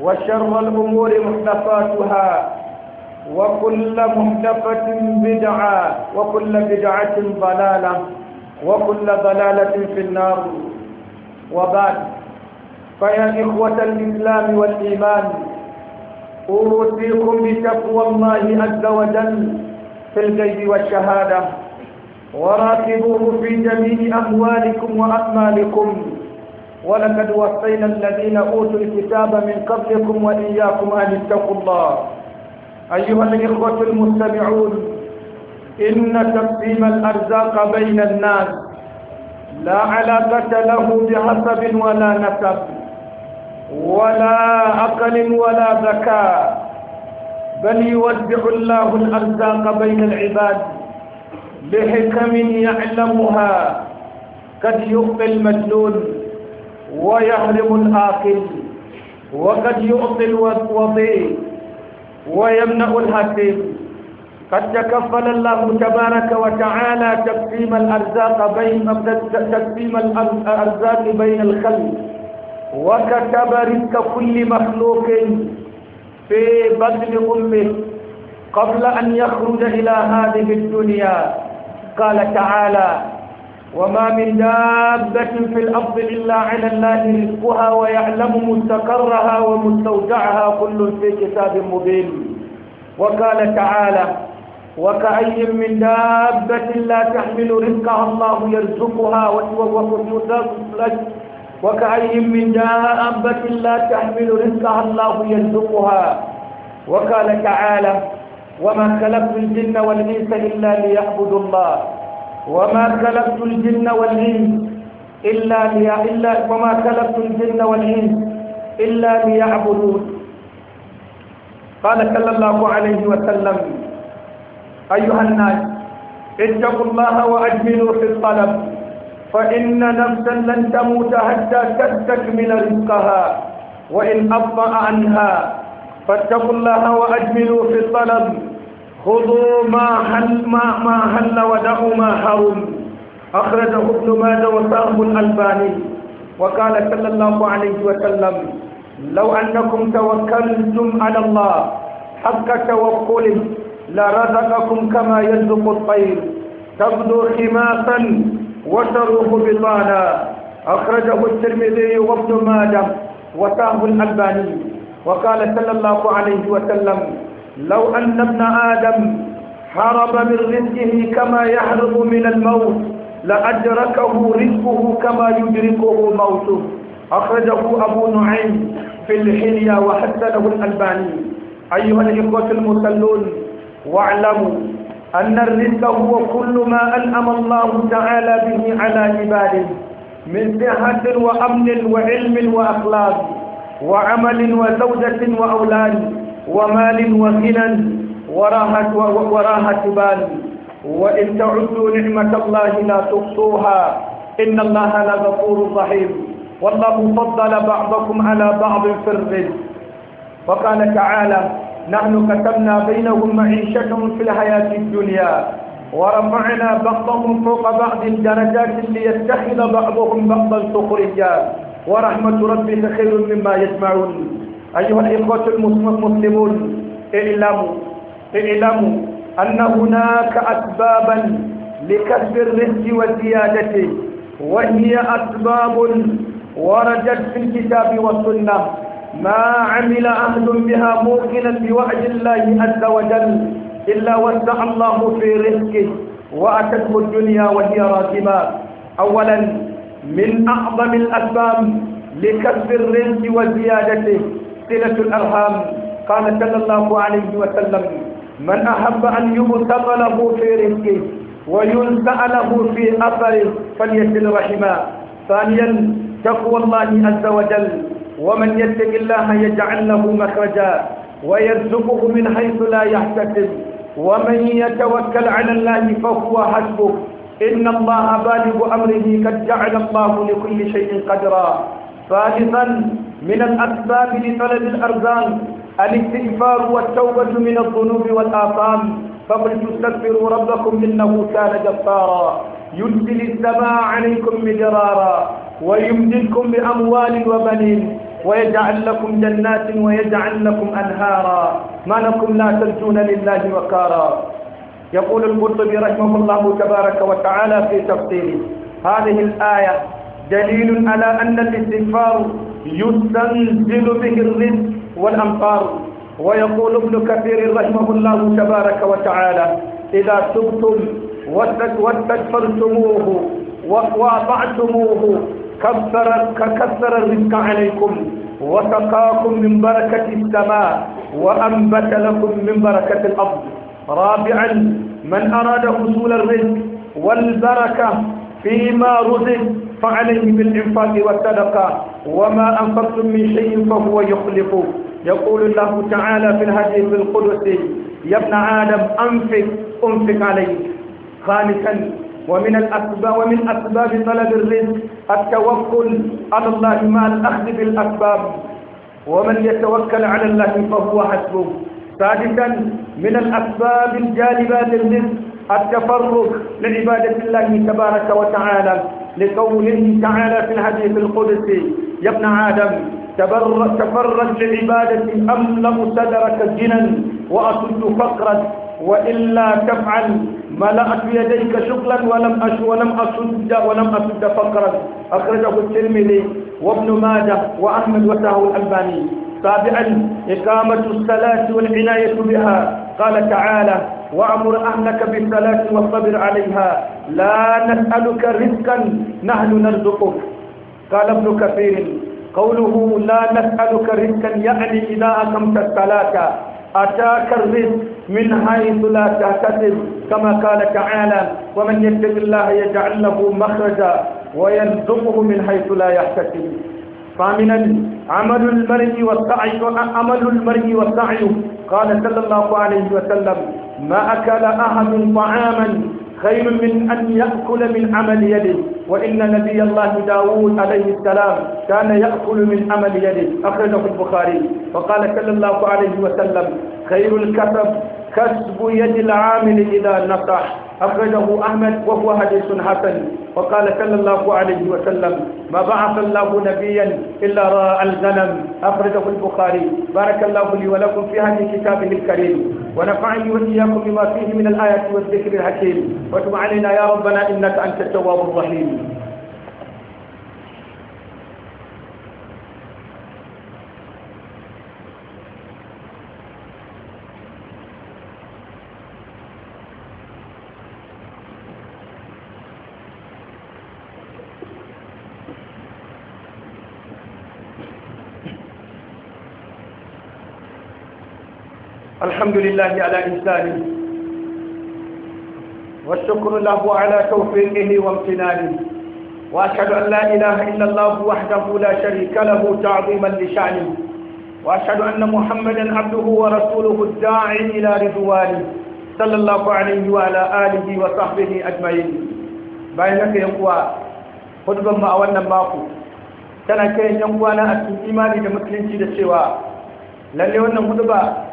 وشر الأمور محدثاتها وكل محدثة بدعة وكل بدعة ضلالة وكل ضلالة في النار وبعد فيا إخوة الإسلام والإيمان أوصيكم بتقوى الله عز وجل في الغيب والشهادة وراقبوه في جميع أموالكم وأعمالكم ولقد وصينا الذين أوتوا الكتاب من قبلكم وإياكم أن اتقوا الله أيها الإخوة المستمعون إن تقسيم الأرزاق بين الناس لا علاقة له بحسب ولا نسب ولا عقل ولا ذكاء بل يوزع الله الأرزاق بين العباد لحكم يعلمها قد يخفي المجنون ويحرم الآكل وقد يعطي الوضيء ويمنع الحكيم قد تكفل الله تبارك وتعالى تقسيم الأرزاق بين تقسيم الأرزاق بين الخلق وكتب رزق كل مخلوق في بطن أمه قبل أن يخرج إلى هذه الدنيا قال تعالى وما من دابة في الأرض إلا على الله رزقها ويعلم مستقرها ومستودعها كل في كتاب مبين وقال تعالى وكأي من دابة لا تحمل رزقها الله يرزقها وكأي من دابة لا تحمل رزقها الله يرزقها وقال تعالى وما خلقت الجن والإنس إلا ليعبدوا الله وما خلقت الجن والإنس إلا ليا إلا وما خلقت الجن والإنس إلا ليعبدون قال صلى الله عليه وسلم أيها الناس اتقوا الله وأجملوا في الطلب فإن نفسا لن تموت حتى تستكمل رزقها وإن أبطأ عنها فاتقوا الله وأجملوا في الطلب خذوا ما حل ما ما حل ودعوا ما حرم أخرجه ابن ماجه وصاحب الألباني وقال صلى الله عليه وسلم لو أنكم توكلتم على الله حق توكله لرزقكم كما يرزق الطير تبدو خماسا وتروح بطانا أخرجه الترمذي وابن ماجه وصاحب الألباني وقال صلى الله عليه وسلم لو أن ابن آدم هرب من رزقه كما يهرب من الموت لأدركه رزقه كما يدركه موته أخرجه أبو نعيم في الحلية وحسنه الألباني أيها الإخوة المصلون واعلموا أن الرزق هو كل ما أنعم الله تعالى به على عباده من صحة وأمن وعلم وأخلاق وعمل وزوجة وأولاد ومال وغنى وراحة, وراحة بال وإن تعدوا نعمة الله لا تحصوها إن الله لغفور رحيم والله فضل بعضكم على بعض في الرزق وقال تعالى نحن كتبنا بينهم معيشتهم في الحياة الدنيا ورفعنا بعضهم فوق بعض الدرجات ليتخذ بعضهم بعضا سخريا ورحمة ربك خير مما يجمعون أيها الإخوة المسلمون اعلموا اعلموا أن هناك أسبابا لكسب الرزق وزيادته وهي أسباب وردت في الكتاب والسنة ما عمل أهل بها موقنا بوعد الله عز وجل إلا وسع الله في رزقه وأتته الدنيا وهي راكبة أولا من أعظم الأسباب لكسب الرزق وزيادته صلة الأرحام قال صلى الله عليه وسلم من أحب أن يبسط له في رزقه وينسأ له في أثره فليصل رحمه ثانيا تقوى الله عز وجل ومن يتق الله يجعل له مخرجا ويرزقه من حيث لا يحتسب ومن يتوكل على الله فهو حسبه إن الله بالغ أمره قد جعل الله لكل شيء قدرا ثالثا من الأسباب لطلب الأرزاق الاستغفار والتوبة من الذنوب والآثام فقل تستغفروا ربكم إنه كان جبارا ينزل السماء عليكم مدرارا ويمددكم بأموال وبنين ويجعل لكم جنات ويجعل لكم أنهارا ما لكم لا ترجون لله وقارا يقول القرطبي رحمه الله تبارك وتعالى في تفسيره هذه الآية دليل على أن الاستغفار يستنزل به الرزق والأمطار ويقول ابن كثير رحمه الله تبارك وتعالى إذا تبتم واستكبرتموه وأطعتموه كثر كثر الرزق عليكم وسقاكم من بركة السماء وأنبت لكم من بركة الأرض رابعا من أراد حصول الرزق والبركة فيما رزق فعليه بالإنفاق والصدقة وما أنفقتم من شيء فهو يخلفه يقول الله تعالى في الحديث القدسي يا ابن آدم أنفق أنفق عليك خامسا ومن الأسباب ومن أسباب طلب الرزق التوكل على الله مع الأخذ بالأسباب ومن يتوكل على الله فهو حسبه سادسا من الأسباب الجالبة للرزق التفرغ لعبادة الله تبارك وتعالى لقوله تعالى في الحديث القدسي يا ابن آدم تفرج لعبادتي أملأ صدرك جنا وأسد فقرا وإلا تفعل ملأت يديك شغلا ولم أش ولم أسد ولم أسد فقرا أخرجه الترمذي وابن ماجه وأحمد وساه الألباني سابعا إقامة الصلاة والعناية بها قال تعالى وأمر أهلك بالصلاة والصبر عليها لا نسألك رزقا نحن نرزقك قال ابن كثير قوله لا نسألك رزقا يعني إذا أقمت الصلاة أتاك الرزق من حيث لا تحتسب كما قال تعالى ومن يتق الله يجعل له مخرجا ويرزقه من حيث لا يحتسب ثامنا عمل المرء والسعي عمل المرء والسعي قال صلى الله عليه وسلم ما أكل أحد طعاما خير من أن يأكل من عمل يده وإن نبي الله داود عليه السلام كان يأكل من عمل يده أخرجه البخاري وقال صلى الله عليه وسلم خير الكسب كسب يد العامل إذا نصح أخرجه أحمد وهو حديث حسن وقال صلى الله عليه وسلم ما بعث الله نبيا إلا راء الغنم أخرجه البخاري بارك الله لي ولكم في هذه كتابه الكريم ونفعني وإياكم بما فيه من الآيات والذكر الحكيم وتب علينا يا ربنا إنك أنت التواب الرحيم والحمد لله على إحسانه والشكر له على توفيقه وامتنانه وأشهد أن لا إله إلا الله وحده لا شريك له تعظيما لشأنه وأشهد أن محمدا عبده ورسوله الداعي إلى رضوانه صلى الله عليه وعلى آله وصحبه أجمعين بينك يقوى خطبا ما أولنا ماكو tana kiran yan uwana a cikin imani da musulunci da cewa lalle wannan huduba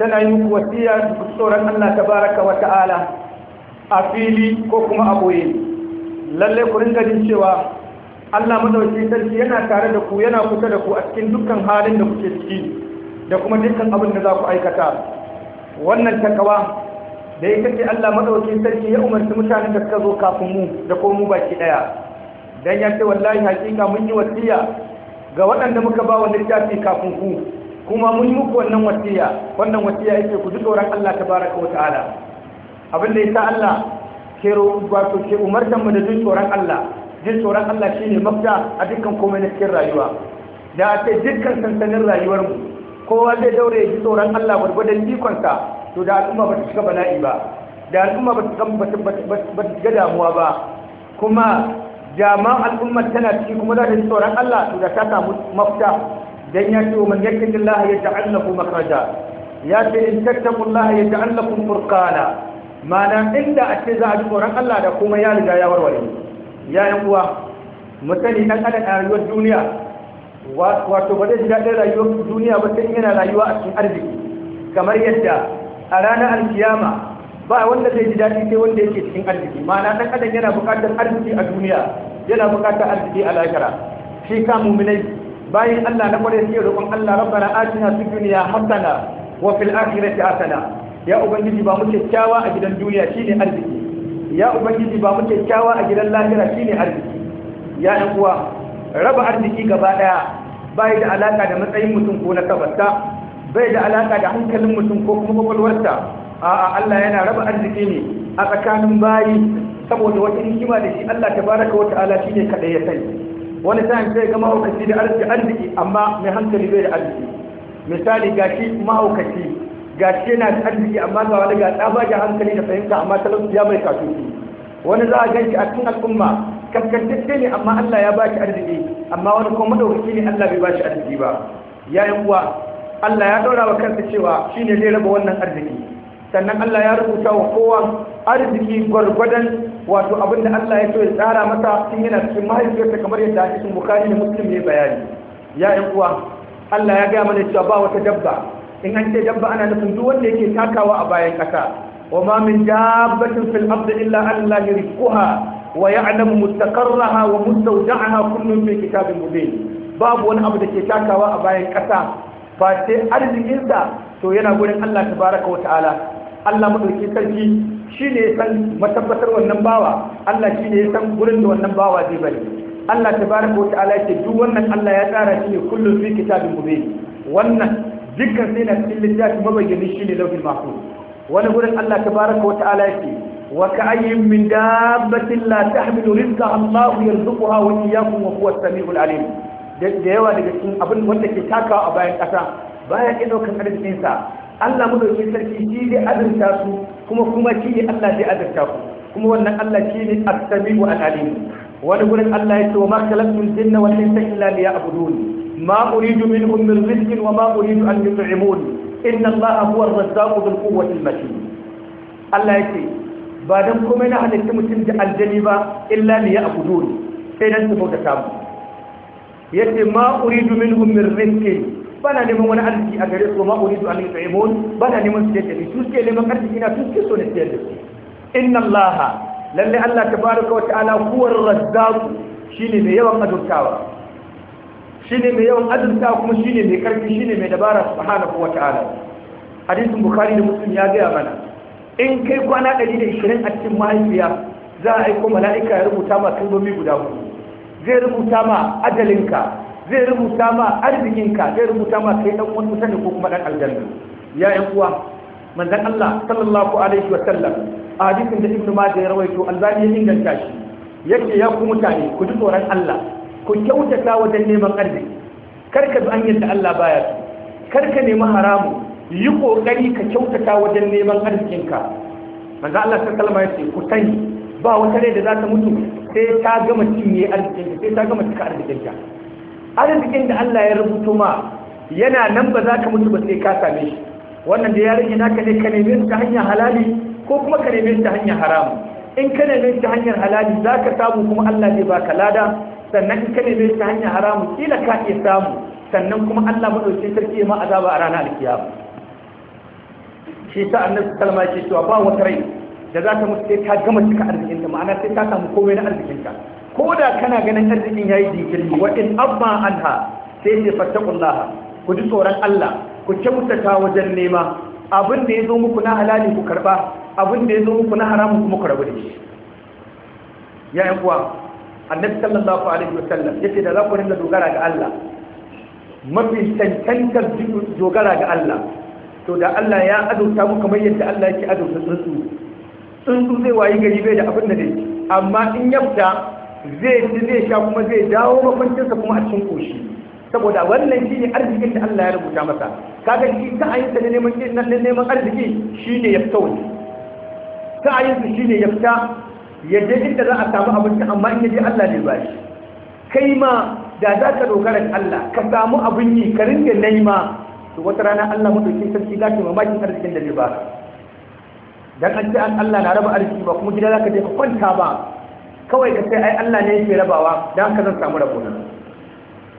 tana yi wasiya da tsoron Allah ta baraka wa ta'ala a fili ko kuma a boye lalle ku ringa jin cewa Allah madaukakin sarki yana tare da ku yana kusa da ku a cikin dukkan halin da kuke ciki da kuma dukkan abin da za ku aikata wannan takawa da ita ce Allah madaukakin sarki ya umarci mutane da suka zo kafin mu da ko mu baki ɗaya. dan ya ce wallahi hakika mun yi wasiya ga waɗanda muka ba wa littafi kafin ku kuma mun yi muku wannan wasiya wannan wasiya yake ku ji tsoron Allah tabaraka wa ta'ala abin da yasa Allah ke wato ke umartan mu da jin tsoron Allah jin tsoron Allah shine mafita a dukkan komai na cikin rayuwa da ce dukkan sansanin rayuwar mu kowa zai daure ji tsoron Allah gwargwadon ikonsa to da al'umma ba ta shiga bala'i ba da al'umma ba ta shiga damuwa ba kuma jama'a al'ummar tana ciki kuma za ta ji tsoron Allah to da ta samu mafita dan ya ce man yattaqillaha yaj'al lahu makhraja ya ce in tattaqullaha yaj'al lakum furqana mana inda a ce za a ji tsoron Allah da kuma ya riga ya warware ya yan uwa mu sani dan adam a rayuwar duniya wato ba zai ji daɗin rayuwar duniya ba sai yana rayuwa a cikin arziki kamar yadda a ranar alkiyama ba wanda zai ji daɗi sai wanda yake cikin arziki ma'ana ɗan adam yana buƙatar arziki a duniya yana buƙatar arziki a lahira shi ka muminai Bayan Allah na kwarai suke roƙon Allah rabbana atina fid dunya hasana wa fil akhirati hasana ya ubangiji ba mu kyakkyawa a gidan duniya shine arziki ya ubangiji ba mu kyakkyawa a gidan lahira shine arziki ya uwa raba arziki gaba ɗaya bai da alaka da matsayin mutum ko na kabarta bai da alaka da hankalin mutum ko kuma kwakwalwarsa a'a Allah yana raba arziki ne a tsakanin bayi saboda wata hikima da shi Allah tabaraka wa ta'ala shine kadai ya sani wani sa'in sai ga mahaukaci da arziki arziki amma mai hankali bai da arziki misali gashi mahaukaci gashi yana da arziki amma ga wani ga tsabagen hankali da fahimta amma talauci ya mai kasuwa. wani za a gan shi a cikin al'umma kankantacce ne amma Allah ya ba shi arziki amma wani kuma madaukaki ne Allah bai ba shi arziki ba Ya yi uwa Allah ya daura wa kansa cewa shine zai raba wannan arziki sannan Allah ya rubuta wa kowa arziki gwargwadon wato abin da Allah ya so ya tsara masa tun yana cikin mahaifiyarsa kamar yadda hadisin Bukhari da Muslim ne bayani ya ƴan uwa Allah ya gaya mana cewa ba wata dabba in an ce dabba ana nufin duk wanda yake takawa a bayan ƙasa wa ma min dabbatin fil ardi illa Allah rizquha wa ya'lamu mustaqarraha wa mustawda'aha kullun fi kitabin mubin babu wani abu da ke takawa a bayan ƙasa ba sai arzikinsa to yana gurin Allah tabaraka wa ta'ala Allah madauki sarki shi ne ya san matabbatar wannan bawa Allah shi ne ya san gurin da wannan bawa zai bari Allah ta baraka wata ala ce duk wannan Allah ya tsara shi ne kullum fi kitabin mubin wannan dukkan sai na cikin littafi mabayyani shi ne lauhin mahfuz wani gurin Allah ta baraka wata ala ce wa ka'ayyin min dabbatin la tahmilu rizqa Allah yarzuquha wa iyyakum wa huwa as-sami'ul alim da yawa daga cikin abin wanda ke takawa a bayan kasa baya iya daukar arzikinsa Allah madaukin sarki shi zai azurta su kuma kuma shi ne Allah zai azurta ku kuma wannan Allah shi ne as wa al wani gurin Allah ya ce wa ma khalaqtul jinna wal insa illa liya'budun ma uridu minhum min rizqin wa ma uridu an yut'imun inna Allah huwa ar-razzaqu bil quwwati al-matin Allah ya ce ba dan komai na halitta mutum da aljani ba illa liya'budun sai dan su bauta ta mu yace ma uridu minhum min rizqin Bana neman wani arziki a gare su ma uridu an yut'imun ba Bana neman su da ni su ke neman arziki na su ke so na siyar da su inna allaha lalle allah ta tabaraka wa ta'ala kuwar razzaku shi shine mai yawan azurtawa ne mai yawan azurtawa kuma shine mai karfi shine mai dabara subhanahu wa ta'ala hadisun bukhari da musulmi ya gaya mana in kai kwana ɗari da ishirin a cikin mahaifiya za a aiko mala'ika ya rubuta ma kalmomi guda hudu zai rubuta ma ajalinka zai rubuta ma arzikinka zai rubuta ma kai dan wani sani ko kuma dan aljanna ya yan uwa manzon Allah sallallahu alaihi wa sallam a hadisin da Ibn Majah ya rawaito Albani ya inganta shi yake ya ku mutane ku ji tsoron Allah ku kyautata wajen neman arziki Karka bi an yadda Allah baya su. Karka ka nemi haramu yi kokari ka kyautata wajen neman arzikinka manzon Allah sallallahu alaihi wa sallam ya ku tani, ba wata rai da za ta mutu sai ta gama cinye arzikinta sai ta gama cika arzikinta arzikin da Allah ya rubuto ma yana nan ba za ka mutu ba sai ka same shi wannan da ya rage ka ne ka neme ta hanyar halali ko kuma ka neme ta hanyar haramu in ka neme ta hanyar halali za ka samu kuma Allah zai baka lada sannan in ka neme ta hanyar haramu kila ka ke samu sannan kuma Allah madauki sarki ma azaba a ranar alkiyama shi ta annabi salma ke cewa ba wata rai da za ta mutu sai ta gama cika arzikinta ma'ana sai ta samu komai na arzikinta ko da kana ganin arzikin ya yi jinkiri wa in abba an ha sai ce fattakullah ku ji tsoron Allah ku kyautata wajen nema abin da ya zo muku na halali ku karba abin da ya zo muku na haramun kuma ku rabu da shi ya yi kuwa annabi sallallahu alaihi wa sallam yace da za ku rinda dogara ga Allah mafi cancantar dogara ga Allah to da Allah ya adauta muka kamar yadda Allah yake adauta tsuntsu tsuntsu zai wayi gari bai da abin da dai amma in yabta zai zai sha kuma zai dawo mafancinsa kuma a cikin koshi saboda wannan shi ne arzikin da Allah ya rubuta masa kaga shi ta ayyuka ne neman na neman arziki shi ne yafta wani ta ayyuka shi ne yafta ya je inda za a samu abinci amma in yaje Allah ne ba shi kai ma da za ka dogara Allah ka samu abin yi ka ringa naima to wata rana Allah madaukin sarki za ka mamakin arzikin da zai ba dan an ce Allah na raba arziki ba kuma gida za ka je ka kwanta ba kawai ka sai ai Allah ne yake rabawa dan ka zan samu na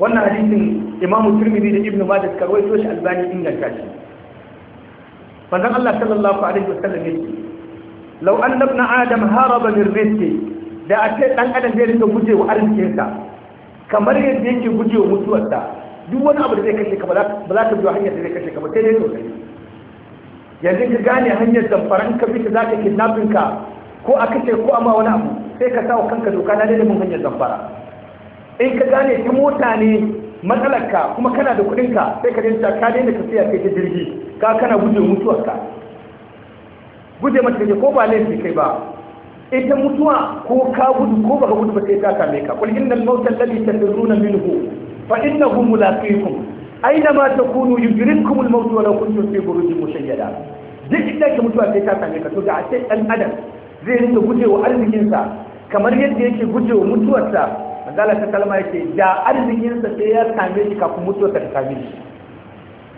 wannan hadisin Imamu Tirmidhi da Ibn Majah suka rawaito shi Albani inganta shi manzon Allah sallallahu alaihi wasallam yake law anna ibn adam haraba min rizqi da a ce dan adam zai rinka guje wa sa kamar yadda yake guje wa sa duk wani abu da zai kashe ka ba za ka biyo hanyar da zai kashe ka ba sai dai sosai yanzu ka gane hanyar zamfaran ka bi ta za ka kidnapping ka ko a kace ko amma wani abu sai ka sa wa kanka doka na dalilin hanyar zamfara in ka gane ta mota ne matsalarka kuma kana da kuɗinka sai ka dinta ka daina ka siya kai ta jirgi ka kana guje mutuwarka guje mata kake ko ba laifi kai ba ita mutuwa ko ka gudu ko baka gudu ba sai ta same ka kul al mauta alladhi tafirruna minhu fa innahu mulaqikum aina ma takunu yudrikum al maut wa law kuntum fi burujin mushayyada duk inda ke mutuwa sai ta same ka to da a sai dan adam zai rinka gujewa arzikinsa kamar yadda yake gujewa mutuwarsa manzala ta kalma yake da arzikinsa sai ya same shi kafin mutuwarsa ta same shi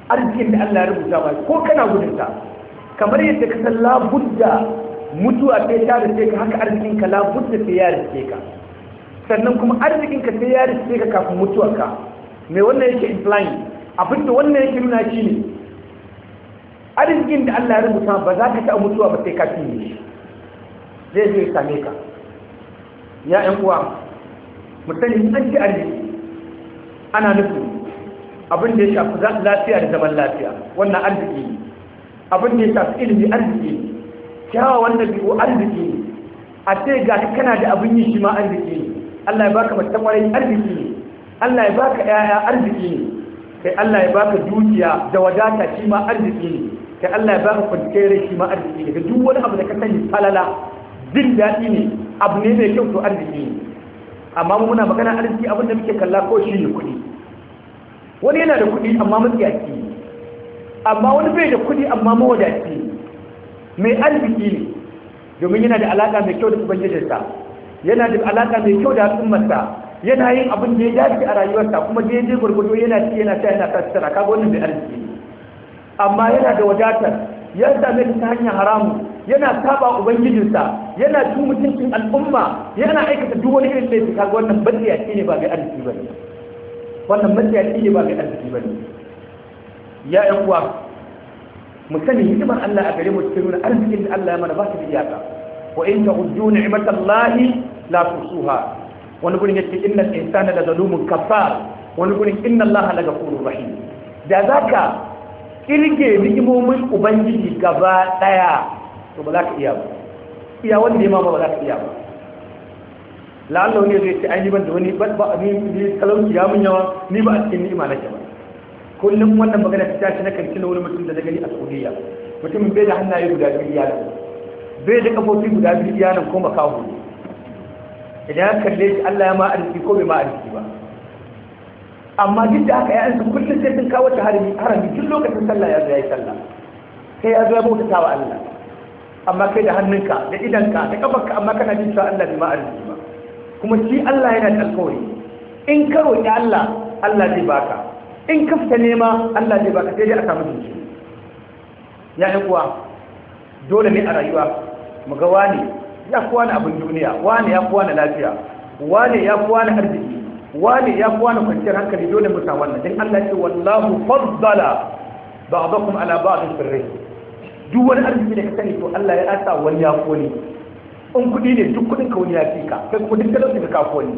arzikin da Allah ya rubuta ba ko kana gudunta kamar yadda ka san labudda mutuwa sai ta da ka haka arzikin ka labudda sai ya riske ka sannan kuma arzikin ka sai ya riske ka kafin mutuwarka me wannan yake implying da wannan yake nuna shi ne arzikin da Allah ya rubuta ba za ka ta mutuwa ba sai ka fiye shi zai zai same ka ya ‘yan uwa musamman an ji arziki ana nufin abin da ya shafi lafiya da zaman lafiya wannan arziki abin da ya shafi ilimi arziki kyawa wannan biyu arziki a ce ga kana da abin yi shi ma arziki Allah ya baka mutum kwarai arziki Allah ya baka yaya arziki kai Allah ya baka dukiya da wadata shi ma arziki kai Allah ya baka kwanciyar shi ma arziki daga duk wani abu da ka sani falala jin daɗi ne abu ne mai kyau to arziki ne amma mu muna magana arziki abin da muke kalla ko shi ne kuɗi wani yana da kuɗi amma matsiyaci amma wani bai da kuɗi amma mawadaci mai arziki ne domin yana da alaƙa mai kyau da ubangijinsa yana da alaƙa mai kyau da al'ummarsa yana yin abin da ya dace a rayuwarsa kuma je gurgudu yana ci yana ta yana tattara kaga wannan bai arziki amma yana da wadatar ya same ta hanyar haramu yana saba ubangijinsa yana cin mutuncin al'umma yana aikata duk wani irin laifi kaga wannan matsiyaci ne ba mai arziki ba ne wannan matsiyaci ne ba mai arziki ba ne ya yan uwa mu sani hidimar Allah a gare mu cikin nuna arzikin da Allah ya mana ba ta da iyaka wa in ta ta'uddu ni'matallahi la tusuha wani gurin yake innal insana la zalumun kafar wani gurin inna allaha la ghafurur rahim da zaka kirge ni'imomin ubangiji gaba daya to ba za ka iya ba iya wanda ya ma ba za ka iya ba la'alla wani zai ce ai ban da wani ba ba ni ni talauci ya mun yawa ni ba a cikin ni'ima nake ba kullum wannan magana ta tashi na kan kina wani mutum da na gani a Saudiya mutumin bai da hannaye guda biyu iya nan bai da kafofi guda biyu iya nan ko makaho ne idan ya kalle shi Allah ya ma arziki ko bai ma arziki ba amma duk da haka su kullum sai sun kawo ta harami harami duk lokacin sallah ya zo sallah sai ya zo ya bautata wa Allah amma kai da hannunka da idanka da kafarka amma kana jin cewa Allah bai ma arziki ba kuma shi Allah yana da alƙawari in ka roƙi Allah Allah zai baka in ka fita nema Allah zai baka sai dai a samu jinci ya yi kuwa dole ne a rayuwa mu ga wani ya kuwa na abin duniya wani ya kuwa na lafiya wani ya kuwa na arziki wani ya kuwa na kwanciyar hankali dole mu samu wannan dan Allah ya ce wallahu faddala ba'dakum ala ba'd fi rizq duk wani arziki da ka sani to Allah ya asa wani ya kone in kuɗi ne duk kuɗin ka wani ya fi ka kai kuma duk talauci ka kone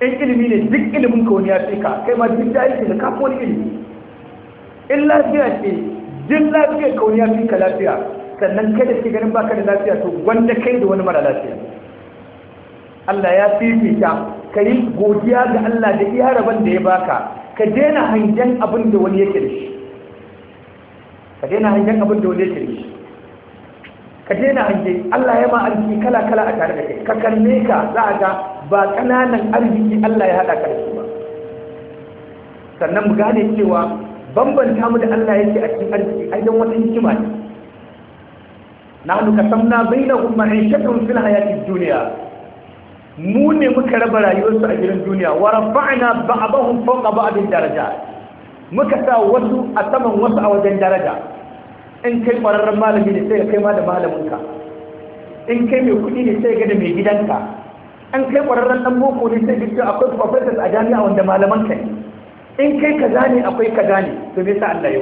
in ilimi ne duk ilimin ka wani ya fi ka kai ma duk jahilci ka kone ilimi in lafiya ce duk lafiyar ka wani ya fi ka lafiya sannan kai da ke ganin baka da lafiya to wanda kai da wani mara lafiya Allah ya fifita ka yi godiya ga Allah da iya rabon da ya baka ka daina hangen abin da wani yake da shi ka daina hangen abin da wani shirye ka daina hange Allah ya ma arziki kala kala a tare da kai ka kalle ka za a ga ba kananan arziki Allah ya haɗa karfi ba sannan mu gane cewa bambanta mu da Allah ya yake a cikin arziki a dan wata hikima ne na kasamna bainahum ma'ishatuhum fil hayati duniya. mu ne muka raba rayuwarsu a gidan duniya wa rafa'na ba'dahum ba abin daraja muka sa wasu a saman wasu a wajen daraja in kai ƙwararren malami ne sai ka kai ma da malaminka in kai mai kuɗi ne sai ga da mai gidanka an kai ƙwararren dan boko ne sai ga akwai professors a jami'a wanda malaman ne in kai kaza ne akwai kaza ne to me yasa Allah ya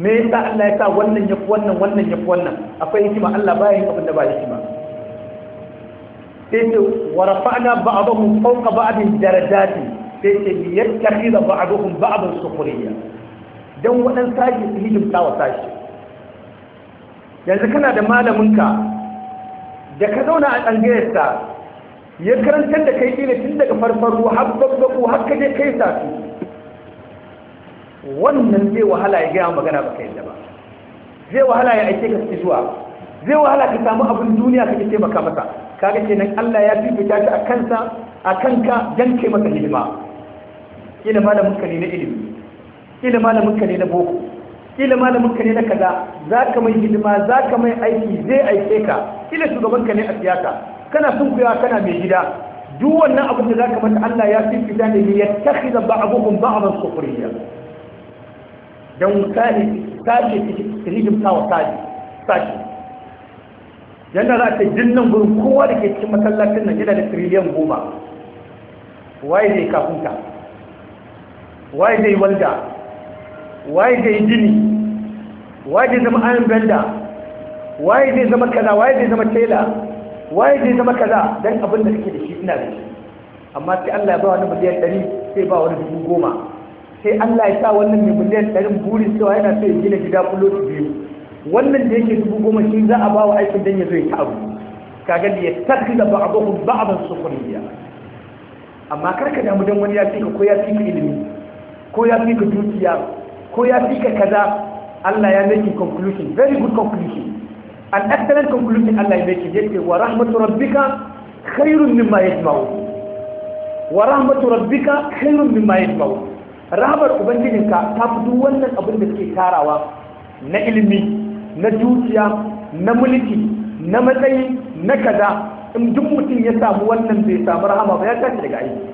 wannan me yasa Allah ya sa wannan yafi wannan wannan yafi wannan akwai hikima Allah ba yin abin da ba hikima sai ce wa rafa'na ba'dahu fawqa ba'din darajati sai ce bi yattakhidha ba'duhum ba'dan sukhriya dan wadan sashi su hidimta wa sashi yanzu kana da malaminka da ka zauna a tsangayarsa ya karantar da kai ne tun daga farfaru har babbaku har je kai safi wannan zai wahala ya gaya magana ba kai da ba zai wahala ya aike ka zuwa zai wahala ka samu abin duniya kake taimaka masa kaga kenan Allah ya fifita ta a kansa a kanka dan kai masa hidima kila malamin ka ne na ilimi kila malamin ka ne na boko kila malamin ka ne na kaza za ka mai hidima za ka mai aiki zai aike ka kila shugaban ka ne a siyasa kana sun kuyawa kana mai gida duk wannan abin da za ka mata Allah ya fi fifita ne ya takhidha ba'dhum ba'dhan sukhriya dan misali sashi ta hidimta wa sashi sashi yadda za ta jinnan gurin kowa da ke cikin masallacin nan yana da tiriliyan goma waye ne kafinta waye zai walda waye zai jini waye zai zama ayin benda waye zai zama kaza waye zai zama tela waye zai zama kaza dan abin da kake da shi ina da shi amma sai Allah ya ba wani miliyan 100 sai ba wani dubu goma sai Allah ya sa wannan mai miliyan 100 burin cewa yana so ya gina gida kullu biyu wannan da yake dubu goma shi za a ba wa aikin dan ya zo ya ta abu kaga da ya takhila ba'dahu ba'dan sukhriya amma karka damu dan wani ya fika ko ya fika ilimi ko ya fi ka dukiya ko ya fi ka kaza Allah ya make conclusion very good conclusion an excellent conclusion Allah ya make ce wa rahmatu rabbika khairun mimma yajma'u wa rahmatu rabbika khairun mimma yajma'u rahmar ubangijinka ta fi duk wannan abin da suke tarawa na ilimi na dukiya na mulki na matsayi na kaza in duk mutum ya samu wannan bai samu rahama ba ya tashi daga aiki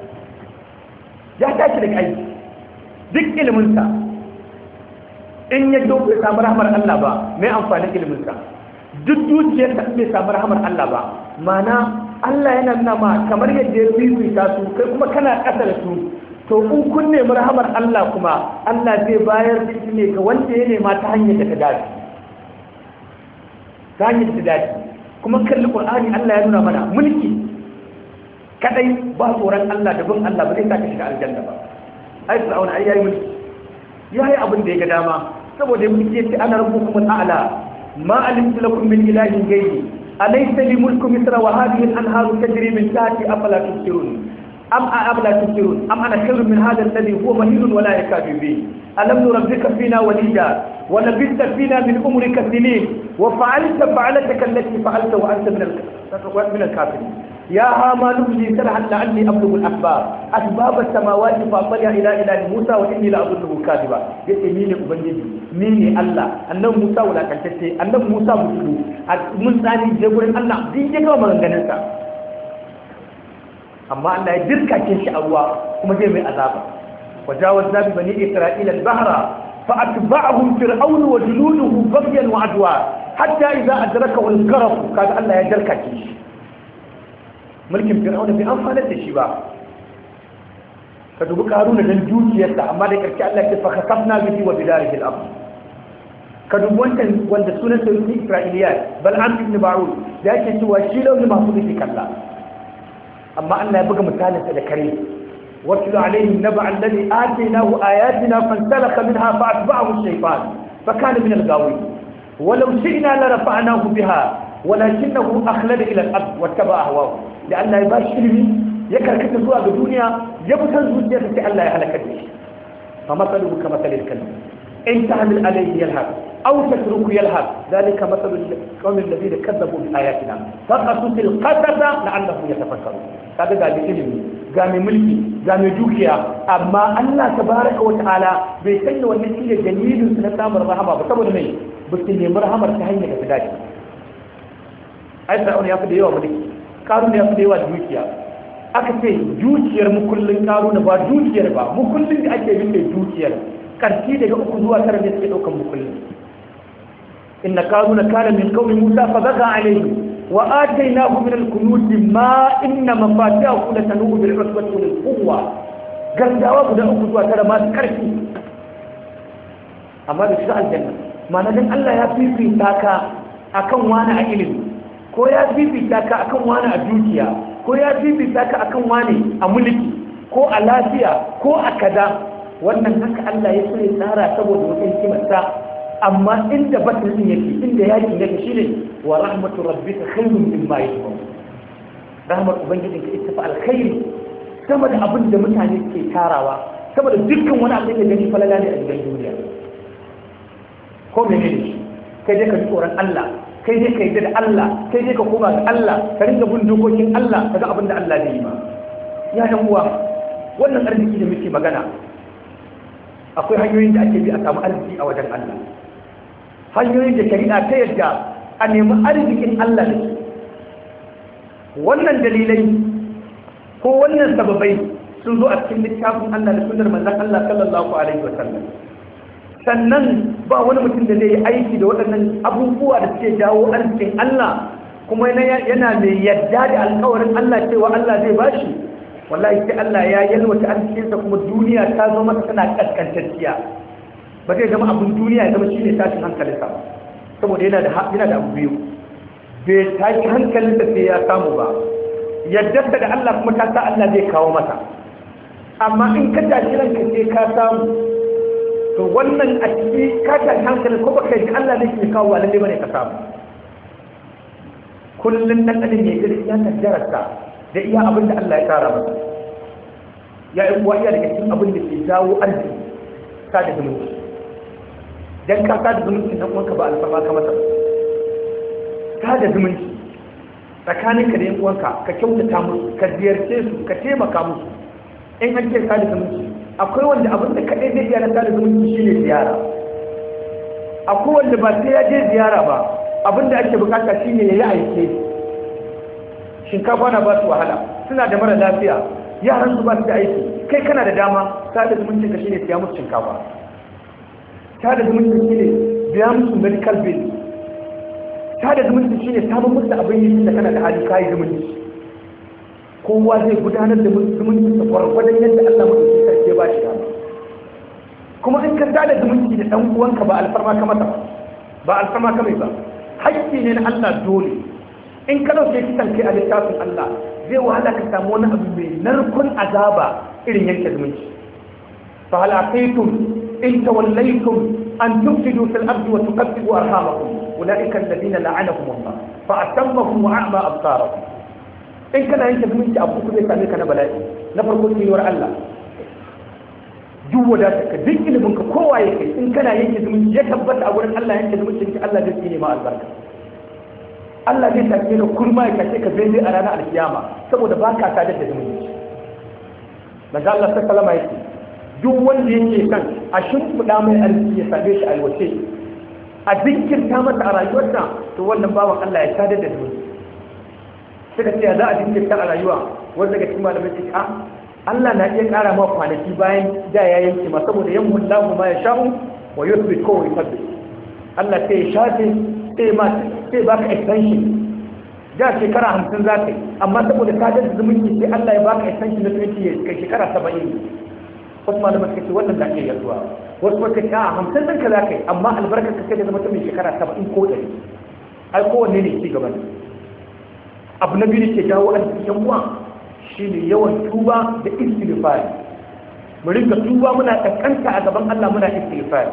ya tashi daga aiki duk iliminsa in ya zo bai samu rahamar Allah ba mai amfanin iliminsa duk dukiyar ta bai samu rahamar Allah ba mana Allah yana nuna ma kamar yadda ya fifita su kai kuma kana ƙasa su to in kun nemi rahamar Allah kuma Allah zai bayar da shi ne ga wanda ya nema ta hanyar da ta dace ta hanyar da ta dace kuma kalli Qur'ani Allah ya nuna mana mulki kadai ba tsoron Allah da bin Allah ba zai saka shiga aljanna ba ai fir'auna ai yayi yayi abin da ya ga dama saboda mulki yace ana rabbukum al'ala ma alimtu lakum min ilahin ghayri alaysa li mulku misra wa hadhihi al-anharu tajri min tahti afala tusirun am afala tusirun am ana khayrun min hadha alladhi huwa mahinun wa la yakadu bi alam nurabbika fina walida wa labithta fina min umrika sinin wa fa'alta fa'alataka allati fa'alta wa anta min al-kafirin يا هامان ابني سرحا لعلي أبلغ الأخبار أسباب السماوات فأطلع إلى إله موسى وإني لأظنه كاذبا يتي ميني أبنجي ميني الله أنه موسى ولا كنتشي أنه موسى مسلو من ثاني جبرين الله دي جكوا مغنغنسا أما الله يدركا كنشي أروا كما جاء من أذابا وجاوزنا ببني إسرائيل البحر فأتبعهم فرعون وجنوده بغيا وعدوا حتى إذا أدركه الغرق كان الله يدركا كنشي mulkin fir'auna bai amfanar da shi ba ka dubi karuna dan dukiyarsa amma da karshe Allah ya faka na bihi wa bidarihi al-ard ka dubi wannan wanda sunan sa yake Isra'iliya bal ibn ba'ul da yake cewa shi launi masu biki kalla amma Allah ya buga misalin sa da kare واتل عليهم نبع الذي آتيناه آياتنا فانسلخ منها فأتبعه الشيطان فكان من الغاوين ولو شئنا لرفعناه بها na walakinahu akhlada ila al-ard wattaba hawa? da Allah ya bashi ilimi ya karkata zuwa ga duniya ya bi san zuciya sai Allah ya halaka shi fa masaluhu kama salil kalb in tahmil alayhi yalhaq aw tatruku yalhaq dhalika masalul qawmi alladhina kadzabu bi ayatina faqasu fil qasasa la'annahum yatafakkarun kaga ga ilimi ga mai mulki ga mai dukiya amma Allah ta tabaraka wa ala bai sanya wannan shine dalilin su na samun rahama ba saboda mai ba su nemi rahamar ta hanyar da ta dace ai fir'auna ya fi da yawa mulki karuna ya fi da yawa dukiya aka ce dukiyar mukullin karuna ba dukiyar ba mukullin da ake yi da dukiyar karfi daga uku zuwa tara ne suke daukan mukullin inna karuna kana min qaumi musa fa baga alayhi wa atainahu min al-kunuz ma inna mafatihahu latanu bil usbati wal quwwa gaggawa guda uku zuwa tara masu karfi amma da shi aljanna ma'ana dan Allah ya fifita ka akan wani a ilimi ko ya fifita ka akan wani a dukiya ko ya fifita ka akan wani a mulki ko a lafiya ko a kaza wannan haka Allah ya so tsara saboda wata hikimarsa amma inda batin din yake inda yakin ka shine wa rahmatu rabbika khayrun mimma yajma'un rahmar ubangijinka ita fa alkhairi sama da abin da mutane ke tarawa saboda dukkan wani abin da gani falala ne a gidan duniya ko menene shi dai ka ji tsoron Allah kai ne kai da Allah kai ne ka koma ga Allah ka rinka bin dokokin Allah ka ga abin da Allah zai yi ma ya dan uwa wannan arziki da muke magana akwai hanyoyin da ake bi a samu arziki a wajen Allah hanyoyin da shari'a ta yadda a nemi arzikin Allah ne. wannan dalilai ko wannan sababai sun zo a cikin littafin Allah da sunnar manzon Allah sallallahu alaihi wasallam sannan ba wani mutum da zai yi aiki da waɗannan abubuwa da suke jawo arzikin Allah kuma yana mai yadda da alkawarin Allah cewa Allah zai bashi wallahi sai Allah ya yalwata arzikinsa kuma duniya ta zama tana kaskantacciya ba zai zama abin duniya ya zama ne tashin hankalinsa ba saboda yana da yana da abu biyu bai tashi da sai ya samu ba yadda da Allah kuma ta sa Allah zai kawo masa amma in ka tashi ranka sai ka samu to wannan a ciki ka hankali ko baka ji Allah ne ke kawo lalle bane ka samu kullun dan adam ya gari ya jarasta, da iya abin da Allah ya tsara masa ya yi kuwa iya daga cikin abin da ke jawo arziki sada zumunci dan ka sada zumunci dan uwanka ba alfarma ka masa sada zumunci tsakaninka da yan uwanka ka kyautata musu ka ziyarce su ka taimaka musu in an ce sada zumunci akwai wanda abin da kaɗai zai iya na da zumunci shi ne ziyara akwai wanda ba sai ya je ziyara ba abin da ake bukata shi ne ya yi aiki shinkafa na ba su wahala suna da mara lafiya yaran su ba su da aiki kai kana da dama da zumunci ka shi ne siya musu shinkafa da zumunci shi ne biya musu medical bill da zumunci shi ne samun musu abin yi da kana da hali kayi zumunci kowa zai gudanar da zumunci da kwarkwadon yadda Allah mutum ke sarki ya ba shi dama kuma in ka tada zumunci da ɗan uwanka ba alfarma ka ba alfarma ka mai ba haƙƙi ne na Allah dole in ka ɗauke kisan kai a littafin Allah zai wahala ka samu wani abu mai narkun azaba irin yanke zumunci fa halaqaytum in tawallaytum an fil ardi wa arhamakum ulaika alladhina la'anahum Allah fa atammahum wa a'ma in kana yanke zumunci abu kuma zai same ka na bala'i na farko Allah duk wadata ka duk ilimin ka kowa ya kai in kana yanke zumunci ya tabbata a wurin Allah yanke zumunci ka Allah zai ne ma albarka Allah zai take ka kurma ya kashe ka zai a ranar alkiyama saboda ba ka sadar da zumunci daga Allah ta kalama yake duk wanda yake kan a shimfiɗa mai arziki ya same shi alwace a jinkirta masa a rayuwarsa to wannan bawan Allah ya sadar da zumunci suka ce za a jinkirta a rayuwa wanda ga cikin malamai ce a ah, Allah na iya ƙara ma kwanaki bayan da ya yanke ma saboda yan mullahu ma ya sha'u wa yuthbit ko yuthbit Allah sai ya shafi sai ma sai baka extension da shekara hamsin za ka yi amma saboda ka da zumunci sai Allah ya baka extension na 20 years kai shekara 70 wasu malamai suka wannan da ke yarduwa wasu suka ce a hamsin ka za ka yi amma albarkar ka sai da zama ta mai shekara 70 ko 100 ai kowanne ne ci gaba ne abu na biyu ne ke jawo a cikin uwa shine yawan tuba da istighfar mu rinka tuba muna kankanta a gaban Allah muna istighfar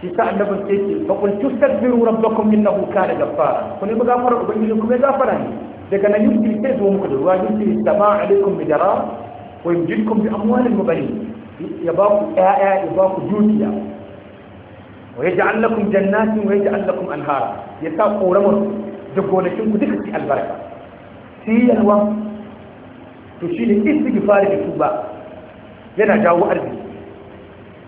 shi sa annabi sai ce fa qul tastaghfiru rabbakum innahu kana ghaffara kun yi gafara ubangiji kuma ya gafara ne daga nan yusi sai zo muku da ruwa yusi sama alaikum bidara wa yumjidkum bi amwalin mubarin ya ba ku ƴaƴa ya ba ku dukiya wa yaj'al lakum jannatin wa yaj'al lakum anhara ya sa koramar da gonakin ku duka ci albarka su yi yalwa to shi ne istighfari da tuba yana jawo arzi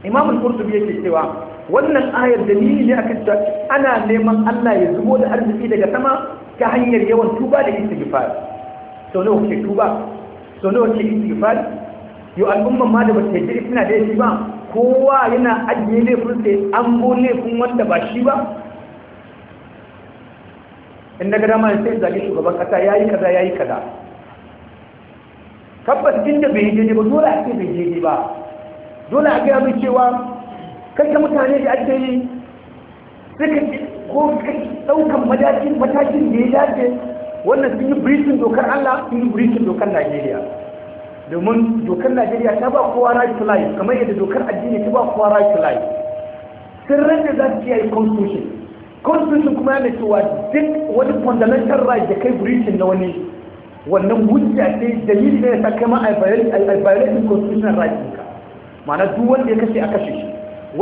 imam al-qurtubi yake cewa wannan ayar da nini ne akan cewa ana neman Allah ya zubo da arziki daga sama ta hanyar yawan tuba da istighfari sau nawa ke tuba sau nawa ke istighfari yau al'umman ma da ba ta yi suna da shi ba kowa yana ajiye laifin sai an bo laifin wanda ba shi ba in na gada mai sai zage shugaban kasa ya yi kaza ya yi kaza tabbas din da bai daidai ba dole a ce bai daidai ba dole a gaya mai cewa ta mutane da ake yi suka ko daukan matakin matakin da ya dace wannan sun yi birishin dokar Allah sun yi birishin dokar Najeriya domin dokar Najeriya ta ba kowa right to life kamar yadda dokar addini ta ba kowa right to life sun rage za su kiyaye constitution constitution kuma yana cewa duk wani fundamental right da kai breaching na wani wannan hujja ce dalili ne ya sa kai ma a violating constitutional right ka ma'ana duk wanda ya kashe a kashe shi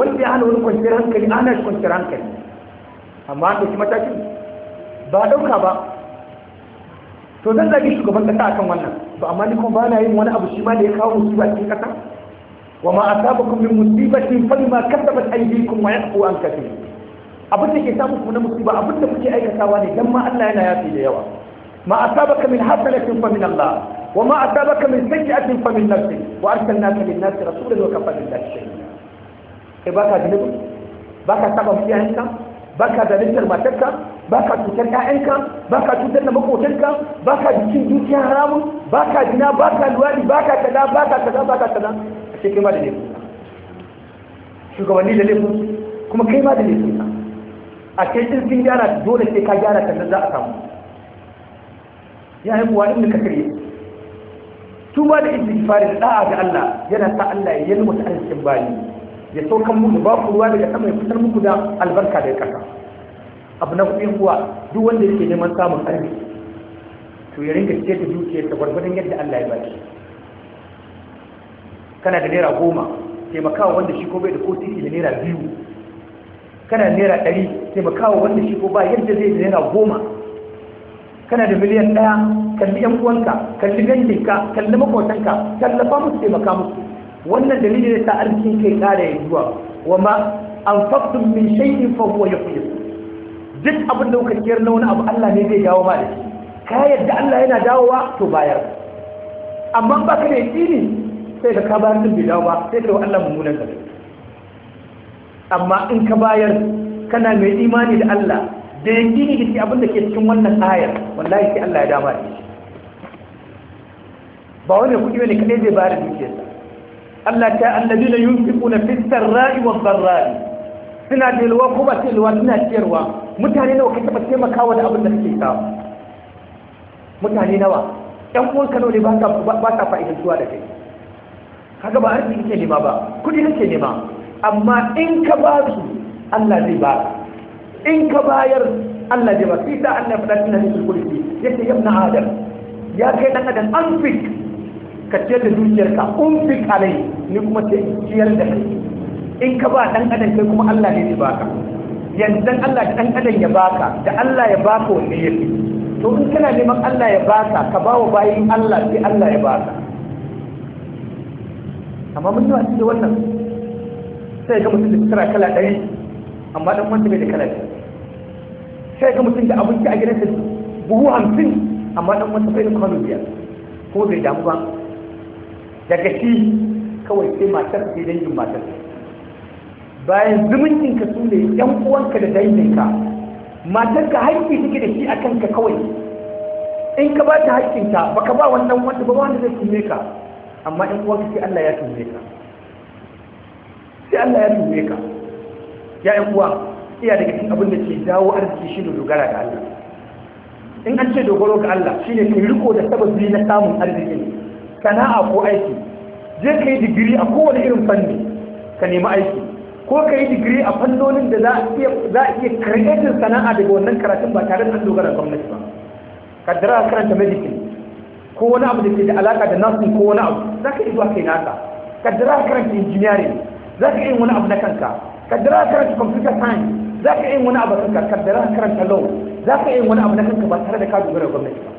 wanda ya hana wani kwanciyar hankali ana shi kwanciyar hankali amma an ɗauki matakin ba ɗauka ba to zan zagi shugaban ƙasa akan wannan ba amma ni kuma ba na yin wani abu shi ma da ya kawo musu a cikin ƙasa wa ma asabakum min musibatin fa bima kasabat aydikum wa yaqfu an kathir abin da ke samu kuma na musiba abin da kuke aikatawa ne dan ma Allah yana yafi da yawa ma asabaka min hasanatin fa min Allah wa ma asabaka min sayyi'atin fa min nafsi wa arsalnaka lin nasi rasulan wa famin billahi shahida kai baka zunubi baka saba iyayenka baka zaluntar matarka baka cutar ƴaƴanka baka cutar da makotanka baka jikin dukiya haramun baka jina baka luwadi baka kaza baka kaza baka kaza a cikin ma da laifuka. shugabanni da laifuka kuma kai ma da laifuka. a kai jirgin gyara dole sai ka gyara kan za a samu ya yi kuwa inda ka kare tuba da fari da da'a ga Allah yana sa Allah ya yi mutu arzikin bayi ya saukan mutu ba ku ruwa daga sama ya fitar muku da albarka daga kasa abu na kuɗin kuwa duk wanda yake neman samun arziki to ya ringa ce ta dukiyar ta gwargwadon yadda Allah ya ba shi kana da naira goma taimakawa wanda shi ko bai da ko titi da naira biyu kana naira ɗari taimakawa wanda shi ko ba yadda zai da naira goma kana da miliyan ɗaya kalli yan uwanka kalli Ka kalli makotanka tallafa musu taimaka musu wannan dalilin ne sa arzikin kai ƙara ya zuwa wa ma an faɗin min shay'in fa huwa yuhyib duk abin da kuka na wani abu Allah ne zai dawo ma da shi ka yadda Allah yana dawowa to bayar amma ba ka da yaƙini sai ka ka bayar din bai dawo ba sai ka yi wa Allah mummunan gaba amma in ka bayar kana mai imani da Allah da yakini da ke abinda ke cikin wannan ayar wallahi sai Allah ya dama da shi ba wani kuɗi ne kadai zai bayar da dukiyarsa Allah ta alladina yunfiquna fis ra'i wad ra'i. suna delwa ko ba delwa suna ciyarwa mutane nawa ka taba taimakawa da abin da kake kawo mutane nawa ɗan uwan Kano ne ba ta ba fa'idantuwa da kai kaga ba arziki ke nema ba kuɗi nake nema amma in ka ba su Allah zai ba in ka bayar Allah zai ba su da Allah faɗa cikin kulki ya ce yabna adam ya kai dan adam an fik ka ciyar da dukiyarka un fik alai ni kuma ce ciyar da kai in ka ba dan adam kai kuma Allah ne zai ka, yanzu dan Allah da dan adam ya baka da Allah ya baka wanne yafi to in kana neman Allah ya baka ka bawa bayin Allah sai Allah ya baka amma mun yi cikin wannan sai ga mutum da sutura kala ɗaya amma dan wanda bai da kala ɗaya sai ga mutum da abinci a gidansa buhu hamsin amma dan wanda bai da kwano biyar ko bai damu ba daga shi kawai sai matar sai dangin matar bayan ka su ne yan uwanka da matar matarka haƙƙi take da shi a kanka kawai in ka ba ta haƙƙinta baka ba wannan wanda ba wanda zai kume ka amma in uwanka sai Allah ya kume ka sai Allah ya rubuce ka ya yi kuwa, iya daga cikin abin da ke dawo arziki shi da dogara ga Allah in an ce dogaro ga Allah shine kai riko da sababbi na samun arziki sana'a ko aiki je ka yi digiri a kowane irin fanni ka nemi aiki ko ka yi digiri a fannonin da za a iya karkatin sana'a daga wannan karatun ba tare da an dogara gwamnati ba kaddara karanta medicine ko wani abu da ke da alaka da nasu ko wani abu za ka yi zuwa kai naka kaddara a karanta engineering za ka wani abu na kanka kaddara karanta computer science za ka yin wani abu na kanka kaddara karanta law za ka yin wani abu na kanka ba tare da ka dogara gwamnati ba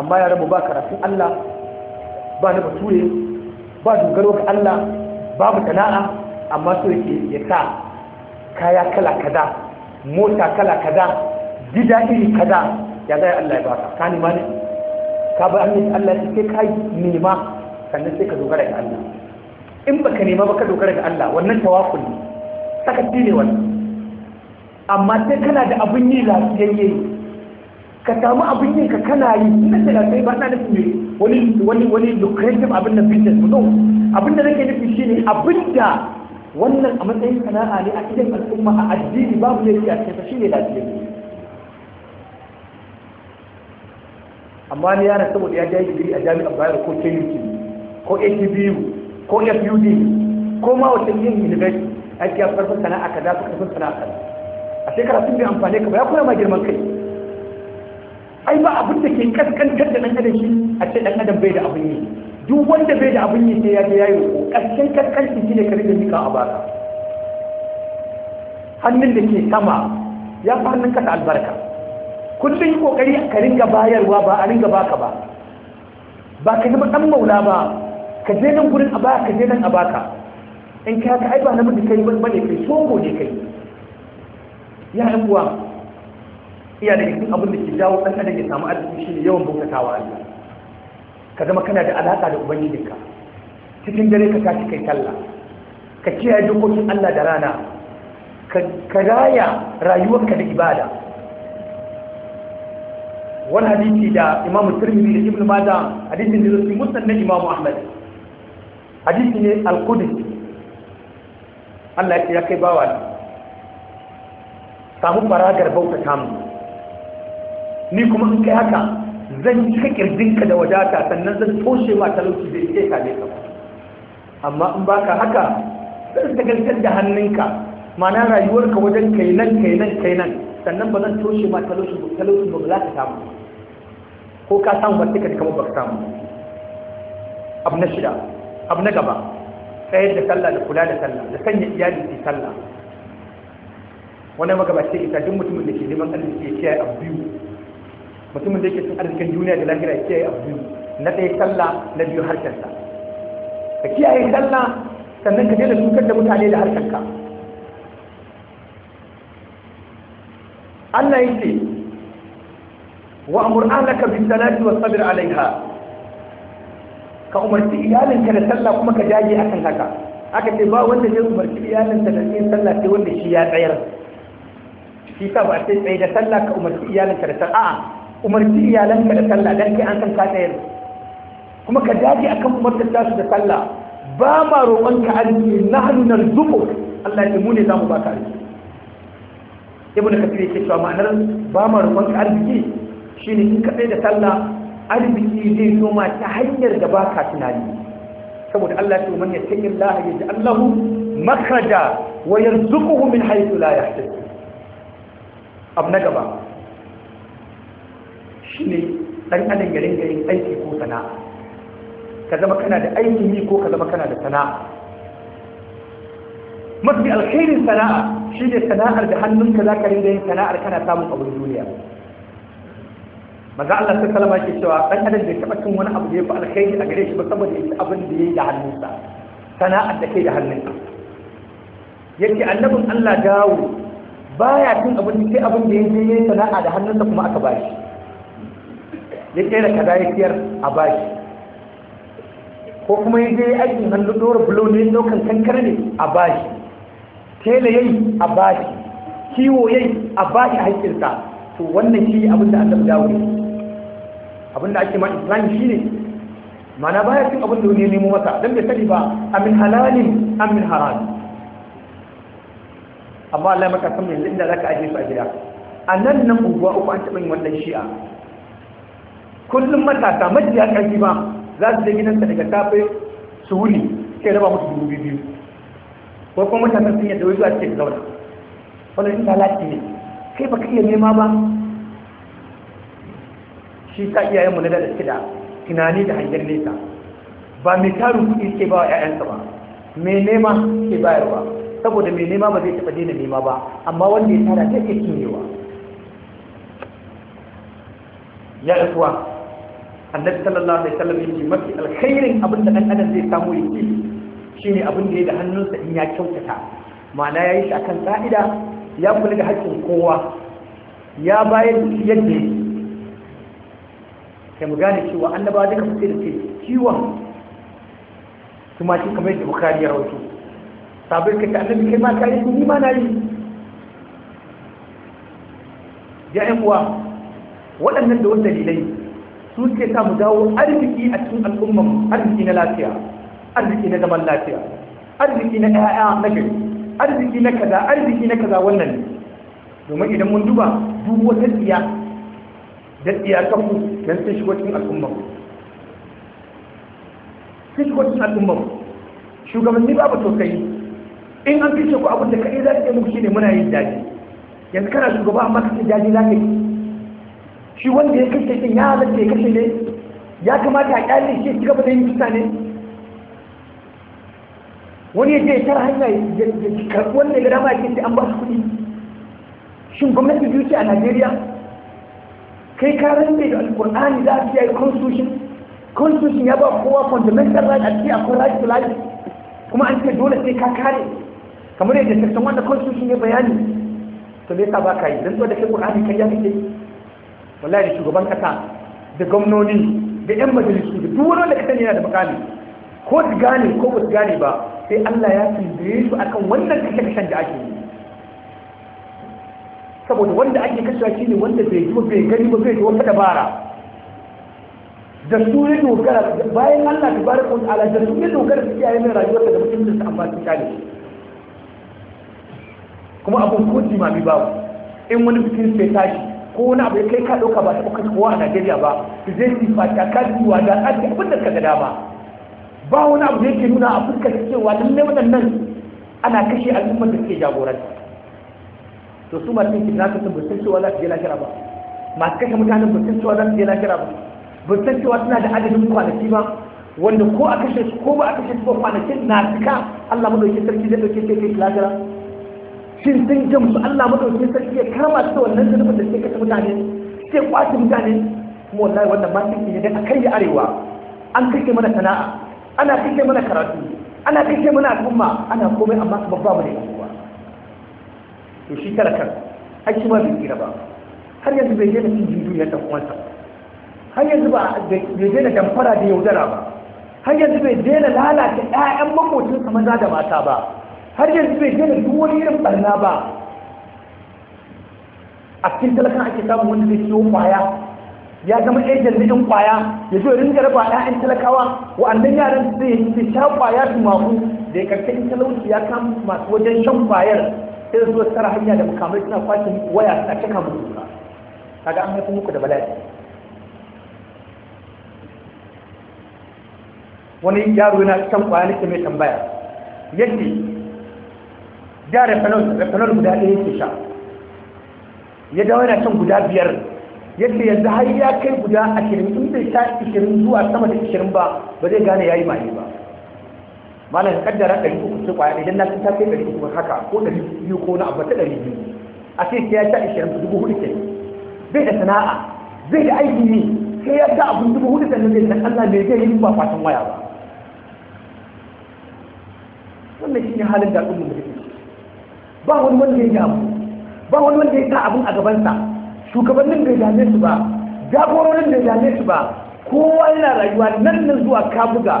amma ya rabu ba karatun Allah ba na bature ba dogaro ga Allah babu sana'a amma so yake ya sa kaya kala kaza mota kala kaza gida iri kaza ya zai Allah ya baka ka nima ne ka ba Allah ya ce kai nema sannan sai ka dogara ga Allah in baka nema baka dogara ga Allah wannan tawakkul ne saka ne wannan amma sai kana da abun yi lafiyayye ka samu abun yi ka kana yi ina da lafiyayye ba ina nufin wani wani wani lucrative abin da business mu don abin da nake nufi shine abin da wannan a matsayin sana'a ne a cikin al'umma a addini babu laifi a cikin shine lafiyayye amma ne yana saboda ya jayi digiri a jami'ar bayar ko KUT ko ATBU ko fud ko ma wata yin university aiki a farfin sana'a kaza ko karfin sana'a kaza a shekara sun bi amfani ka ba ya koya ma girman kai ai ba abin da ke kaskantar da dan adam shi a ce dan adam bai da abin yi duk wanda bai da abin yi sai ya je yayi ko kaskan kaskanci ne kare da mika a baka hannun da ke sama ya fi hannun kasa albarka kullum yi kokari ka ringa bayarwa ba a ringa baka ba ba ka zama dan maula ba ka je nan gurin a ka je nan a baka in ka ka aiba na mutu kai bane kai ko ne kai ya yi buwa iya da cikin abin da ke jawo ɗan adam ya samu arziki shine yawan bautatawa Allah ka zama kana da alaka da ubangijinka cikin dare ka tashi kai sallah ka kiyaye dokokin Allah da rana ka raya rayuwarka da ibada wani hadisi da imamu turmi da ibn mada hadisin da zai musamman imamu ahmad hadisi ne al Allah ya ce ya kai bawa ne samu faragar ta mu ni kuma in kai haka zan yi kirjinka da wadata sannan zan toshe ma talauci zai ke ka ne amma in baka haka zan tagantar da hannunka ma'ana rayuwarka wajen kai nan kai nan kai nan sannan ba zan toshe ma talauci talauci ba za ka samu ko ka samu ba sai ka kamar ba ka samu abu na shida abu na gaba tsayar da sallah da kula da sallah da sanya iyali su sallah wani magabaci ita duk mutumin da ke neman arziki ya kiyaye abu biyu mutumin da ke cin arzikin duniya da lahira ya kiyaye abu biyu na ɗaya sallah na biyu harshensa ka kiyaye sallah sannan ka daina dukar da mutane da harshenka Allah yake wa amur ahlaka bis salati was sabr alaiha ka umarci iyalinka da sallah kuma ka jaje akan haka aka ce ba wanda zai umarci iyalinsa da yin sallah sai wanda shi ya tsayar shi sa ba sai tsaye da sallah ka umarci iyalinka da sallah a'a umarci iyalanka da sallah dan kai an san ka tsayar kuma ka jaje akan ta su da sallah ba ma roƙon ka arziki nahnu narzuqu Allah ya mu ne zamu baka arziki ibnu kathir yake cewa ma'anar ba ma roƙon ka arziki shine in ka tsaye da sallah arziki zai zo ma ta hanyar da baka tunani saboda Allah ya ce man yattaqillaha yaj'al lahu makhraja wa yarzuquhu min haythu la yahtasib na gaba shine dan adam ya rinka yin aiki ko sana'a ka zama kana da aiki yi ko ka zama kana da sana'a mafi alkhairin sana'a shine sana'ar da hannunka zaka rinka yin sana'ar kana samun abin duniya maza Allah ta kalama ke cewa ɗan adam bai taɓa cin wani abu da ya fi alkhairi a gare shi ba saboda yake abin da ya yi da hannunsa sana'ar da kai da hannunsa yake annabin Allah dawo baya cin abin da sai abin da ya je ya sana'a da hannunsa kuma aka bashi ya kera kaza ya siyar a bashi ko kuma ya je aikin hannu dora bulo ne daukan kankara ne a bashi tela yayi a bashi kiwo yayi a bashi a haƙƙinsa to wannan shi abin da Allah dawo ne abinda ake ma islam ne? mana baya cin abin da wani nemo masa dan bai sani ba amin halalin amin haram amma Allah maka san yanzu inda zaka aje su a gida a nan nan guguwa uku an taɓa yin wannan shi'a kullum matasa majiya ƙarfi ba za su je gidansa daga safe su wuni sai raba musu dubu biyu ko kuma mutanen sun yadda wai zuwa cikin zauna wannan ita lati ne kai baka iya nema ba shi ta iyayenmu na da da tunani da hangen nesa ba mai tarin kuɗi ke ba wa 'ya'yansa ba mai nema ke bayarwa saboda mai nema ba zai taɓa daina nema ba amma wanda ya tara ta ke cinyewa ya rasuwa annabi sallallahu alaihi wasallam yake mafi alkhairin abin da ɗan adam zai samu yake ne abin da ya da hannunsa in ya kyautata ma'ana ya yi shi a kan ka'ida ya kula da haƙƙin kowa ya bayar yadda sai mu gane cewa da duka sai da ke Kuma tumaki kamar yadda bukari ya rawaito sabai ka annabi kai ma kare su ni ma na yi ya yan uwa waɗannan da wanda dalilai su ke sa mu dawo arziki a cikin al'umman arziki na lafiya arziki na zaman lafiya arziki na ƴaƴa na gari arziki na kaza arziki na kaza wannan domin idan mun duba duk wata tsiya don kanku don sun shigo cikin al'ummarmu sun shigo cikin al'ummarmu shugabanni babu tausayi in an kashe ku abin da kaɗai za ka yi muku shine muna yin daji yanzu kana shugaba amma ce daji za yi shi wanda ya kashe kin ya halatta ya kashe ne ya kamata a ƙyale shi ci gaba da yin kisa ne wani ya je tara hanya ya karɓi wannan ya ma ya kashe an ba su kuɗi shin gwamnati biyu ce a najeriya kai ka rantsa da alkur'ani za a yi constitution constitution ya ba kowa fundamental right a cikin akwai right to life kuma an ce dole sai ka kare kamar yadda section wanda constitution ya bayani to me yasa ba ka yi rantsa da kai qur'ani kai ya kike wallahi da shugaban kasa da gwamnoni da yan majalisu da duk wanda ka sani yana da makami ko ta gane ko ba gane ba sai Allah ya tambaye su akan wannan kashe-kashen da ake yi saboda wanda ake kashe shi ne wanda bai ji bai gani ba bai ji wata dabara da su ne dogara bayan Allah ta bari kun ala da su ne dogara su kiyaye mai rayuwarsa da mutuncin da amma ta kare kuma abun ko jimami babu in wani bikin sai tashi ko wani abu ya kai ka ɗauka ba ta kuka kowa a Najeriya ba su zai yi fata ka wa da ake abin da ka ga dama ba wani abu da yake nuna a fuskar cewa lallai waɗannan ana kashe al'ummar da suke jagoranta to su masu za kidnap san bukatun cewa za su je lahira ba masu kashe mutanen bukatun cewa za su je lahira ba bukatun cewa suna da adadin kwanaki ba wanda ko a kashe su ko ba a kashe su ba kwanakin na cika Allah madauki sarki zai dauke sai kai lahira shin sun gamsu Allah madauki sarki ya kama su da wannan zunubin da suke kashe mutane sai kwace mutane kuma wallahi wannan ma sun a dan akai arewa an kashe mana sana'a ana kashe mana karatu ana kashe mana al'umma ana komai amma su babba mu ne to shi talakan har shi ba bai tsira ba har yanzu bai daina cin jinju ya ɗan uwansa har yanzu ba bai daina damfara da yaudara ba har yanzu bai daina lalata ƴaƴan makocinsa maza da mata ba har yanzu bai daina duk wani irin barna ba a cikin talakan ake samun wanda zai ciwo kwaya ya zama ejen na ɗin kwaya ya zo ringa raba ƴaƴan talakawa wa'annan yaran su zai sha kwaya su maku da ya karkashin talauci ya kama masu wajen shan kwayar sai zuwa tsara hanya da mukamai suna kwace waya suna cika musu juna kaga an haifi muku da bala'i wani yaro yana can kwaya nake mai tambaya yadda ya refanol guda ɗaya yake sha ya dawo yana can guda biyar yadda yanzu har ya kai guda ashirin in bai sha ashirin zuwa sama da ashirin ba ba zai gane ya yi maye ba malam kaddara ɗari uku ce kwaya idan na ta kai ɗari uku haka ko ɗari biyu ko na abu ta ɗari biyu a ce sai ya ta ishirin dubu hudu ke zai da sana'a zai da aiki ne sai ya ta abin dubu hudu sannan zai da Allah mai zai yi ba fatan waya ba wannan shi ne halin da al'ummar da take ba wani wanda ya yi abu ba wani wanda ya sa abin a gabansa shugabannin bai dame su ba jagororin bai dame su ba kowa yana rayuwa nan nan zuwa kabuga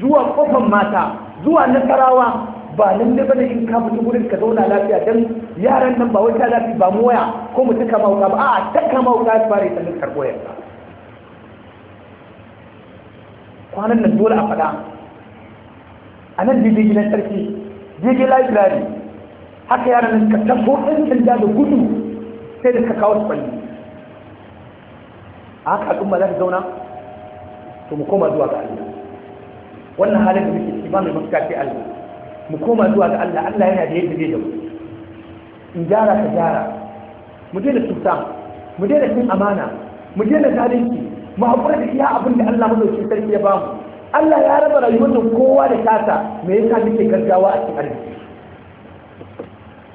zuwa kofan mata zuwa nasarawa ba nan da bane in ka fito gurin ka zauna lafiya dan yaran nan ba wai ta lafiya ba mu waya ko mu taka mauka ba a'a taka mauka ta fare sannan karbo yanka kwanan nan dole a faɗa a nan daidai gidan sarki daidai library haka yaran nan ka tafo ɗan sanda da gudu sai da ka kawo su balli a haka al'umma za ta zauna to mu koma zuwa ga Allah wannan halin da muke ciki ba mai mafita sai Allah mu koma zuwa ga Allah Allah yana da yadda zai da mu in gyara ka gyara mu daina cuta mu daina cin amana mu daina zalunci mu haƙura da iya abin da Allah madaukakin sarki ya bamu Allah ya raba rayuwar kowa da tata me yasa muke gaggawa a cikin arziki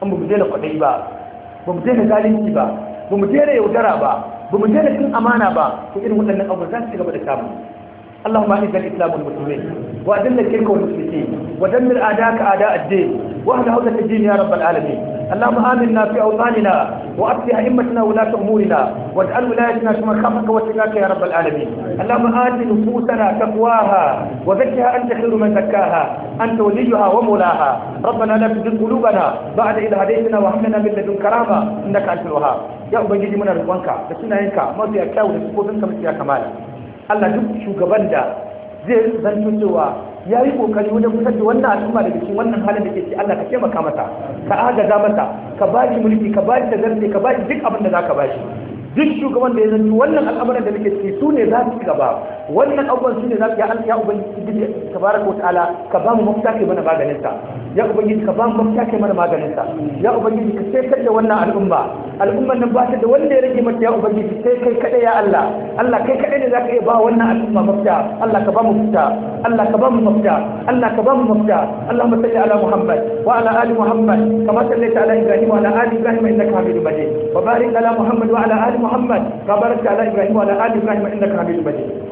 an mu daina kwaɗayi ba ba mu daina zalunci ba ba mu daina yaudara ba ba mu daina cin amana ba ko irin waɗannan abun za su ci gaba da samu اللهم اعز الاسلام والمسلمين واذل الشرك والمشركين ودمر اعداءك اعداء الدين واهل هوده الدين يا رب العالمين اللهم امنا في اوطاننا واصلح ائمتنا ولاة امورنا واجعل ولايتنا في من خافك واتقاك يا رب العالمين اللهم ات نفوسنا تقواها وزكها انت خير من زكاها انت وليها ومولاها ربنا لا تزغ قلوبنا بعد اذ هديتنا وهب لنا من لدنك رحمه انك انت الوهاب ya ubangiji muna roƙonka da sunayenka mafiya kyawu da sifofinka mafiya kamala Allah duk shugaban da zai zanto cewa ya yi kokari wajen kusan da wannan al'umma da cikin wannan halin da ke ci Allah ka taimaka mata ka agaza mata ka ba shi mulki ka ba shi tazarce ka ba shi duk abin da za ka ba shi duk shugaban da ya zanto wannan al'amuran da muke ciki su ne za su ci gaba wannan abubuwan su ne za su ya ya ubangiji ka bara ka ba mu mafita ke mana maganin sa ya ubangiji ka ba mu mafita ke mana maganin sa ya ubangiji ka sai kada wannan al'umma al'umman nan ba ta da wanda ya rage mata ya ubangiji sai kai kada ya Allah Allah kai kada ne iya ba wannan al'umma mafita Allah ka ba mu mafita Allah ka ba mu mafita Allah ka ba mu mafita Allahumma salli ala Muhammad wa ala ali Muhammad kama sallaita ala Ibrahim wa ala ali Ibrahim innaka Hamidum Majid wa barik ala Muhammad wa ala ali Muhammad kama barakta ala Ibrahim wa ala ali Ibrahim innaka Hamidum Majid